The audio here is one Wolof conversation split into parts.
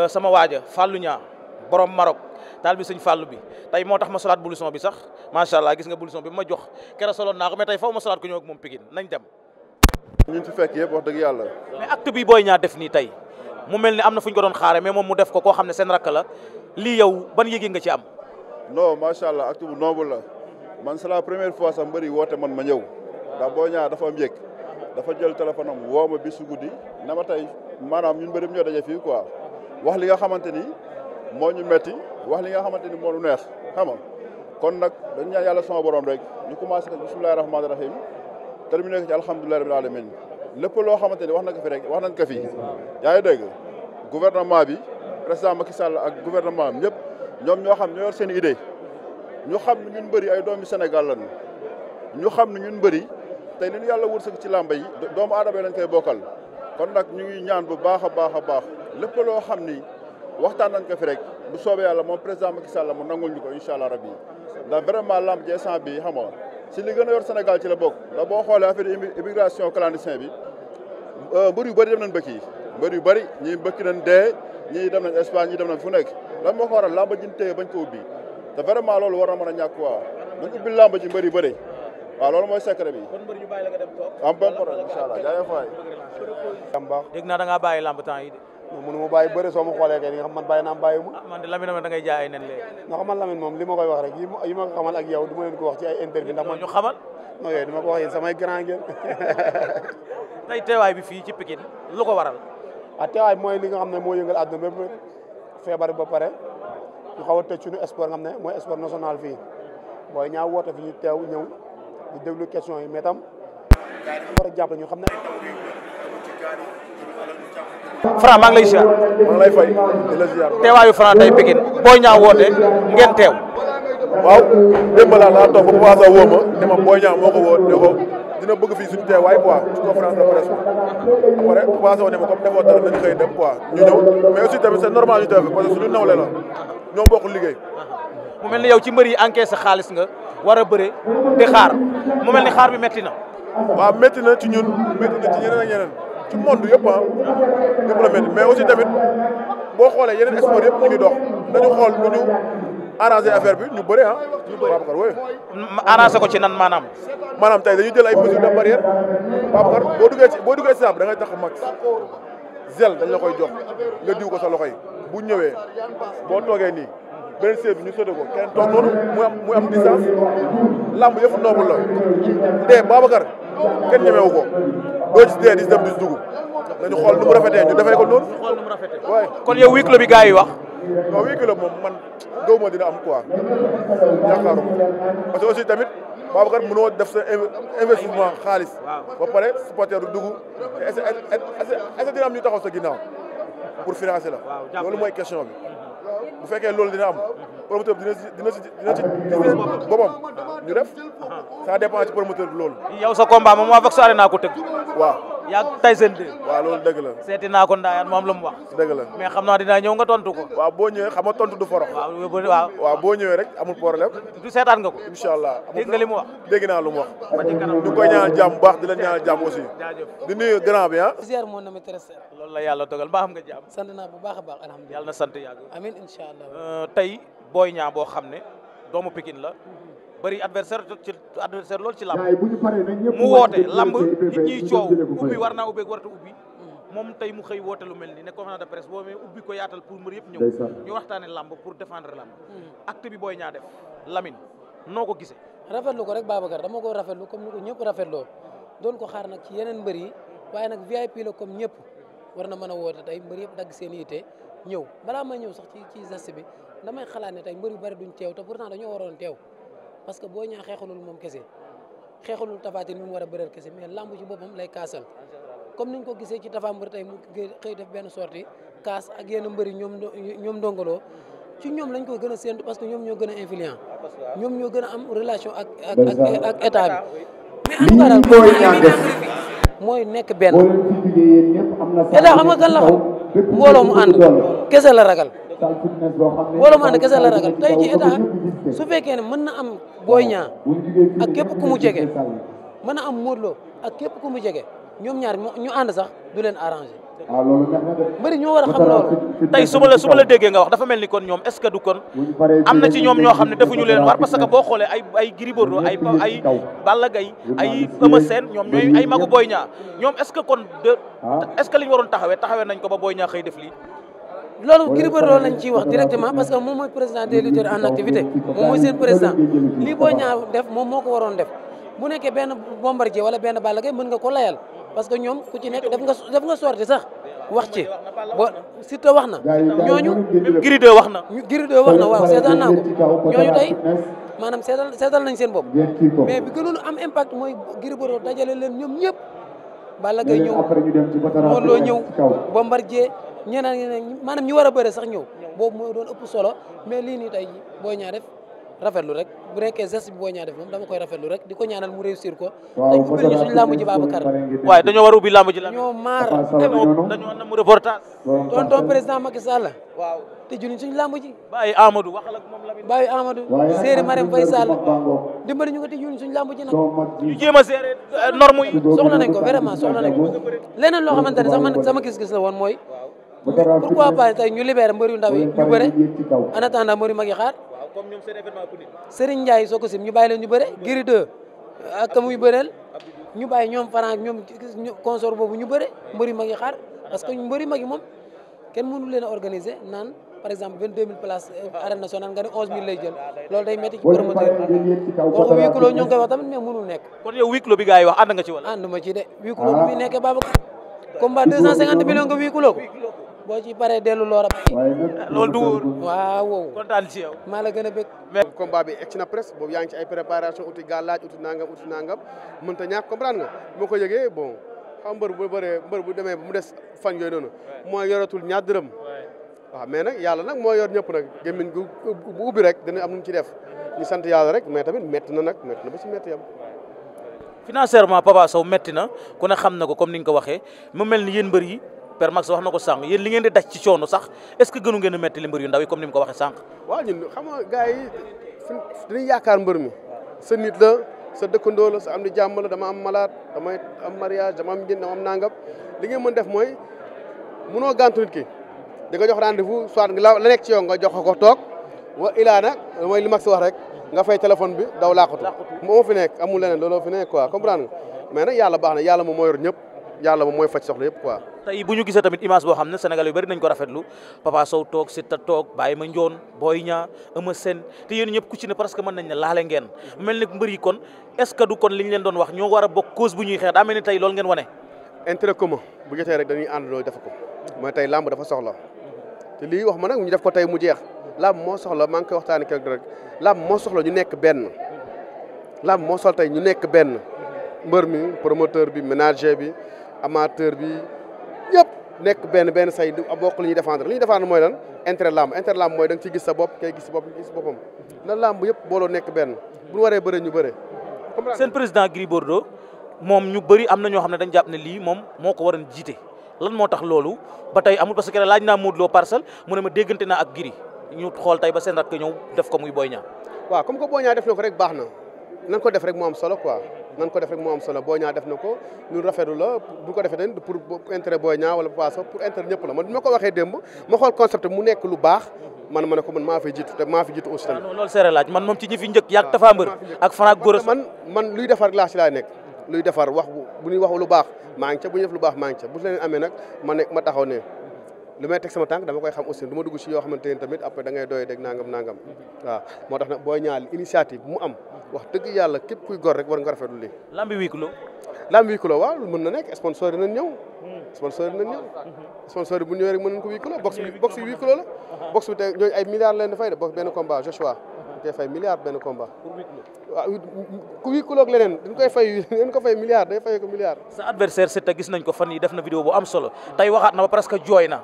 Euh, sama waaja Fallou Niang borom Maroc taal bi sëñ Fallou bi tey moo tax ma solaat blouson bi sax macha allah gis nga blouson bi ma jox keroog soloon naa ko mais tey faw ma solaat ko ñëw ak moom Pikine nañ dem. ñun fi def ko doon xaare mais moom mu def ko xam ne seen rakk la lii yow ban yëge nga ci am. non macha allah acte bu noble la man c'est la première fois sax mbëri woote man ma ñëw ndax Boy Niang dafa am yëg dafa jël téléphone am bi su guddi ma tey maanaam ñun mbëri ñoo daje fii quoi. wax li nga xamante ni moo ñu metti wax li nga xamante ni moo ñu neex xam kon nag dañu ñaan yàlla sama borom rek ñu commencé ko bisimilahi rahmaani rahim terminé ko ci alhamdulilahi rabbil alamin lépp loo xamante ni wax na ko fi rek wax nañ ko fi yaa ngi dégg gouvernement bi président Macky Sall ak gouvernement am ñëpp ñoom ñoo xam ñoo yor seen idée ñu xam ne ñun bëri ay doomi Sénégal lañu ñu xam ne ñun bëri te li yàlla yàlla wërsëg ci làmba yi doomu aadama yi lañ koy bokkal kon nag ñu ngi ñaan bu baax a baax a baax lépp loo xam ni waxtaan nañ ko fi rek bu soobee yàlla moom président Macky Sall mu nangul ñu ko incha allah rabi ndax vraiment lamb ji instant bi xam nga si li gën a yor ci la bokk ndax boo xoolee affaire immigration clandestin bi euh, mbër yu bëri dem nañ bëkk yi mbër yu bëri ñii bëkk nañ dee ñii dem nañ Espagne ñii dem nañ fu nekk lan moo ko waral lamba ji téye bañ ko ubbi te vraiment loolu war na mën a ñàkk waaw buñ ubbi lamba ji mbër yu bëri waaw loolu mooy secret bi. kon mbër yu bàyyi la nga dem toog. am benn problème da ngaa bàyyi lamb temps mënu ma bàyyi bëre soo ma xoolee kay li man bàyyi naam bàyyi ma ah, man de ay nen léegi nga moom li koy wax rek yi ma ko xamal ak yow du ma leen ko wax ci ay interview ndax man ñu bi fii ci Pikine lu ko waral ah, mooy li nga xam ne moo yëngal àdduna bépp feebar ba pare ñu xaw a tëj suñu sport nga xam ne mooy sport national fii booy ñaa woote fi ñu teew ñëw di déglu question yi mais tam war a ne Franc maa ngi lay ziar. maa ngi lay fay di la ziar. teewaayu Franc tey Pikine Boy Niang woote ngeen teew. waaw démb laa laa toog ba Papa Sow woo ma ne ma Boy Niang moo ko woo ne ko dina bëgg fii suñu teewaay quoi ci conférence de presse bi après Papa Sow ne ma comme defoo dara nañ xëy dem quoi ñu ñëw mais aussi tamit c'est normal ñu teew fi parce que suñu nawle la ñoo bokk liggéey. mu mel ni yow ci mbër yi encaissé xaalis nga war a bëre di xaar mu mel ni xaar bi metti na. waaw métti na ci ñun métti na ci ñeneen ci monde yëpp ah yëpp la métti mais aussi tamit boo xoolee yeneen sport yëpp ñu ngi dox nañu xool lu ñu arrangé affaire bi ñu bëri ah. ñu bëri Babacar oui. arrangé ko ci nan maanaam. maanaam tey dañuy jël ay mesures de barrière Babacar boo duggee ci boo dugee ci saab da ngay tax max gel dañ la koy jox nga diw ko sa loxo yi bu ñëwee boo toogee ni beneen séer bi ñu sote ko kenn toog noonu muy am muy am distance lamb yëfu noobul la te Babacar kenn ñemewu ko. doo ci dee di dem di dugub dañu xool nu mu rafetee ñu ko noonu. ñu nu mu rafetee waaye. kon yow huis clos bi gars yi wax. non huis clos moom man gaw ma dina am quoi yaakaaruma parce que aussi tamit Babacar mënoo def sa investissement xaalis. ba pare supporter du dugg te dina am ñu taxaw sa ginnaaw pour financer la. loolu mooy question bi. bu fekkee loolu dina am promoteur bi dina si dina si dina si gis boppam ñu a ça dépend ci promoteur bi loolu. yow sa combat moom waa Vox Arena ko tëgg waaw. yaa tay seen deux waaw loolu dëgg la seeti naa ko ndaayaan moom lu mu wax dëgg la mais xam naa dinaa ñëw nga tontu ko waaw boo ñëwee xam nga tontu du forox waaw waaw boo ñëwee rek amul problème du seetaan nga ko incha allah dégg nga wax dégg naa lu mu di koy ñaanal jàmm bu baax di la ñaanal jàmm aussi di nuyu grand bi ah ziar moo na mi loolu la yàlla dogal baa xam nga jàmm sant naa bu baax a baax alhamdulilah yàlla na sant yàgg amiin incha allah euh, tey booy ñaa boo xam ne doomu Pikine la bari adversaire ci adversaire loolu ci làmb mu woote làmb nit ñiy coow ubbi war naa ubbeeg waratu ubbi moom tey mu xëy woote lu mel ni ne conférence de presse boo mais ko yaatal pour mbër yëpp ñëw ñu waxtaane làmb pour défendre làmb hmm. acte bi booy ñaa def lamin noo ko gisee rafetlu ko rek Babacar dama ko rafet lu ko ko ñëpp rafetloo doon ko xaar nag ci yeneen mbër yi waaye nag VIP la comme ñëpp war na mën a woote tey mbër yëpp dagg seen yitte ñëw balaa may ñëw sax ci ci geste bi damay xalaat ne tey mbër yu bari duñ teew te pourtant dañoo waroon teew parce que boo Niang xeexalul moom kese xeexalul Tapha Tine mu war a bëreel kese mais lamb ci boppam lay kaasal comme niñ ko gisee ci Tapha Mbeur tey mu xëy def benn sortie kaas ak yenn mbëri ñoom ñoom ndongoloo ci ñoom lañ ko gën a séentu parce que ñoom ñoo gën a ñoom ñoo gën a am relation ak ak ak état bi mais am nga mooy nekk benn état xam nga mu ànd kese la ragal boole maa ne kese la ragal tey ji état su fekkee ne mën na am Boy ñaa ak képp ku mu jege mën na am Modou Lo ak képp ku mu jege ñoom ñaar ñu ànd sax du leen arrangé mbëri ñoo war a xam loolu tey su ma la la déggee nga wax dafa mel ni kon ñoom est-ce que du kon am na ci ñoom ñoo xam ne defuñu leen war parce que boo xoolee ay ay Gris Bordeaux ay ay Balla Gaye ay Eumeu Sène ñoom ñooy ay magu Boy Niang ñoom est-ce que kon de est-ce waroon taxawee taxawee nañ ko ba Boy Niang xëy lii loolu Gris Bordeaux lañ ciy wax directement parce que moom mooy président des lutteurs en activité moom mooy seen président lii boo ñaaw def moom moo ko waroon def bu nekkee benn bombardier wala benn Balla Gaye mën nga ko layal parce que ñoom ku ci nekk def nga nga sorti sax wax ci ba Siteu wax na ñooñu Gris 2 wax na Gris 2 wax na waaw seetaan naa ko ñooñu tey maanaam seetal seetal nañ seen bopp mais bi gënoon am impact mooy Gris Bordeaux dajale leen ñoom ñëpp Balla Gaye ñëw Modou Lo ñëw Bombardier ñeneen ñeneen maanaam ñu war a bëre sax ñëw boobu moo doon ëpp solo mais lii nii tey Boy Niang def rafetlu rek bu rekkee geste bi booy ñaa def moom dama koy rafetlu rek di ko ñaanal mu ko dañ ubbil ñu suñu làmb ji Babacar waaye dañoo war a ubbi làmb ji la ñoo maar dañoo nam reportage tonton président Macky Sall waaw te jëluñ suñu làmb ko te a séeré euh, loo xamante ne sax man sama gis-gis la woon mooy yu ndaw yi ñu bëre en comme ñoom seen événement ku nit Serigne Ndiaye soo ko sim ñu bàyyi leen ñu bëre Gris 2 ak muy bëreel ñu bàyyi ñoom Franc ñoom consort boobu ñu bëre mbëri mag xaar parce que mbëri mag yi moom kenn mënu leen a naan par exemple vingt deux mille places euh, ah. arène nationale nga ne onze mille lay jël ah, day métti ci promoteur waxu huis clos ñu ngi koy wax tamit mais mënul nekk kon yow huis boo ci paree dellu loo rab. Ah, loolu dugubu waaw kontaan ci yow. maa la gën a bëgg. mais combat bi egg na presque boobu yaa ngi ci ay préparation uti gàllaaj uti nangam uti nangam mën a ñàkk comprendre nga moo ko yëgee bon xam mbër bu bëree bu demee ba mu des fañ yooyu noonu. mooy yoratul ñaar dërëm. waaw mais nag yàlla nag moo yor ñëpp nag gémmiñ gu bu ubbi rek dina am nu ci def ñu sant yàlla rek mais tamit métti na nag métti na ba si métti yam financièrement Papa Sow métti na ku ne xam na ko comme ni nga ko waxee mu mel ni yéen mbër yi Père Max wax na ko sànq yéen li ngeen di daj ci coono sax est-ce que gënu ngeen a metti li mbër yu ndaw comme ni mu ko waxee sànq. waaw ñun xam nga gars yaakaar mbër mi sa nit la sa dëkkandoo la sa am di dama am malade dama am mariage dama am njënd dama nangam li ngeen mën def mooy munoo gàntu nit ki di nga jox rendez-vous soit la nekk ci yoo nga jox ko toog wa ilaa nag mooy li Max wax rek nga fey téléphone bi daw laaxatu moo fi nekk amul leneen looloo fi nekk quoi comprendre nga mais nag yàlla baax na yàlla moo yor ñëpp yàlla moom mooy faj soxla yëpp quoi. tey bu ñu gisee tamit image boo xam ne Sénégal yu bëri nañ ko rafetlu Papa Sow toog Siteu toog Baye Mandione Boy Niang Eumeu te yéen ñëpp ku presque mën nañ ne laale ngeen mel ni mbër yi kon est kon li ñu wax ñoo war a bokk cause bu ñuy xeex daa mel ni tey loolu ngeen wane. intérêt commun bu jotee rek dañuy dafa soxla te lii wax moo soxla maa ngi koy waxtaanee keroog rek làmb moo soxla ñu nekk benn mbër mi promoteur amateur bi yëpp nekk benn benn say bokk li ñuy défendre li ñuy défendre mooy lan intérêt làmb intérêt làmb mooy da nga ciy gis sa bopp kay gis sa bopp gis boppam na làmb yëpp boolo nekk benn bu ñu waree bëre ñu bëre. seen président Gris Bordeaux moom ñu bëri am na ñoo xam ne dañ jàpp ne lii moom moo ko waroon jiite lan moo tax loolu ba tey amul parce que laaj naa Modou Lo parcelle mu ne ma déggante naa ak Gris ñu xool tey ba seen rakk ñëw def ko muy Boy Niang. waaw comme que Boy Niang def na ko rek baax na nan ko def rek moo am solo quoi. nan ko def rek moo am solo Boy Niang def na ko ñun rafetlu la bu ko defee tamit pour intérêt Boy Niang wala Papa Sow pour intérêt ñëpp la man bi ma ko waxee démb ma xool nekk lu baax ma ne ko man maa fay jiitu te maa fi jiitu aussi tamit ah non loolu man moom ci ñi fi njëkk yàgg Tapha ah, ak Franc Goros man luy defar laa si laay nekk luy defar wax bu ñuy wax lu baax maa bu ñu def lu baax maa ngi ca bu leen amee nag ma nekk ma taxaw ne li may teg sama tànk dama koy xam aussi du ma dugg ci yoo xamante ne tamit après da ngay deg nangam nangam moo tax nag booy ñaal initiative bu mu am wax dëgg yàlla képp kuy gor rek war nga rafetlu lii. lambi huis clos. lambi huis clos waaw mën na nekk sponsor dinañ ñëw. sponsor dinañ ñëw. sponsor bu ñëwee rek mën nañ ko huis clos box bi box bi huis clos la. box bi tey ñooñu ay milliards leen fay box benn combat Joshua. dañ koy fay milliard benn koy fay dañ ko fay milliard day fay ko milliard. sa adversaire Siteu gis nañ ko fan yii def na vidéo bu am solo tey waxaat na ba presque jooy na.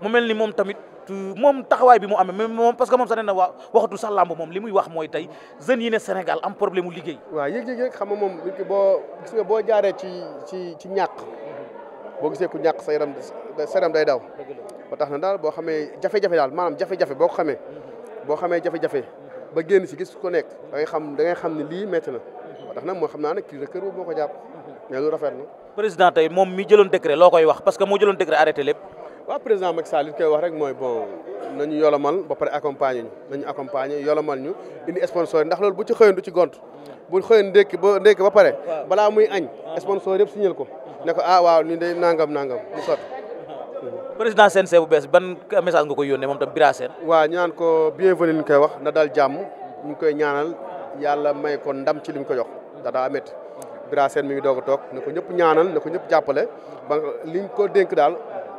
mu mel ni moom tamit moom taxawaay bi mu amee même moom parce que moom sa nee na waa waxatu sax làmb moom li muy wax mooy tey jeunes yi ne Sénégal am problème mu liggéey. waaw yëg-yëg rek xam nga moom nit boo jaaree ci ci ci ñàkk boo gisee ku ñàkk sa yaram sa yaram day daw. ba tax na daal boo xamee jafe-jafe daal maanaam jafe-jafe boo ko xamee boo xamee jafe-jafe ba génn si gis ko nekk da ngay xam da ngay xam ne lii métti na moo tax nag moo xam naa ne crise de kër boobu ko jàpp mais rafet na président tey moom mi jëloon décret loo koy wax parce que moo jëloon décret arrêté lépp waaw président Macky Sall koy wax rek mooy bon nañu yolomal ba pare accompagner ñu nañu accompagner yolomal ñu indi sponsor ndax loolu bu ci xëyoon du ci gont bu xëyoon ndékki ba ndékki ba pare balaa muy añ sponsor yëpp signal ko ne ko ah waaw ni day nangam nangam mu sotti président CNG bu bees ban message nga koy yónnee moom tam Bira Sène ñu naan ko bienvenue ñu koy wax na daal jàmm ñu koy ñaanal yàlla may ko ndam ci li ñu ko jox dada mi ngi doog a toog na ko ñëpp ñaanal na ko ñëpp jàppale ba liñ ko dénk daal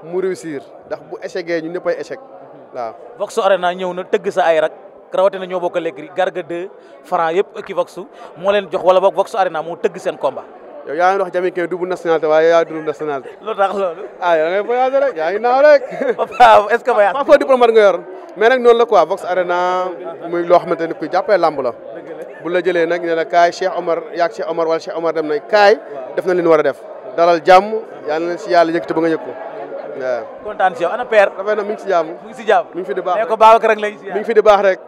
mu réussir ndax bu échecgee ñu ñëpp ay échec waaw Vox Arena ñëw na tëgg sa ay rak rawatina ñoo bokk léegi Garga 2 Franc yëpp Equivox moo leen jox wala boog Vox Arena moo tëgg seen combat yow yaa ngi wax Jami Kay double nationalité waaye yaa double nationalité. lu tax loolu. ah yow ngay voyagé rek yaa ngi naaw rek. papa est ce que voyage. yor mais nag la quoi Vox Arena muy loo xamante ni kuy jàppee lamb la. bu la jëlee nag nee na kaay Cheikh Omar yaag Cheikh Omar wala Cheikh Omar dem na kaay def na li ñu war a def. dalal jàmm yal na si yàlla yëkkati ba nga yëg ko. waaw kontaan si yow ana père. dafay na fi di baax rek.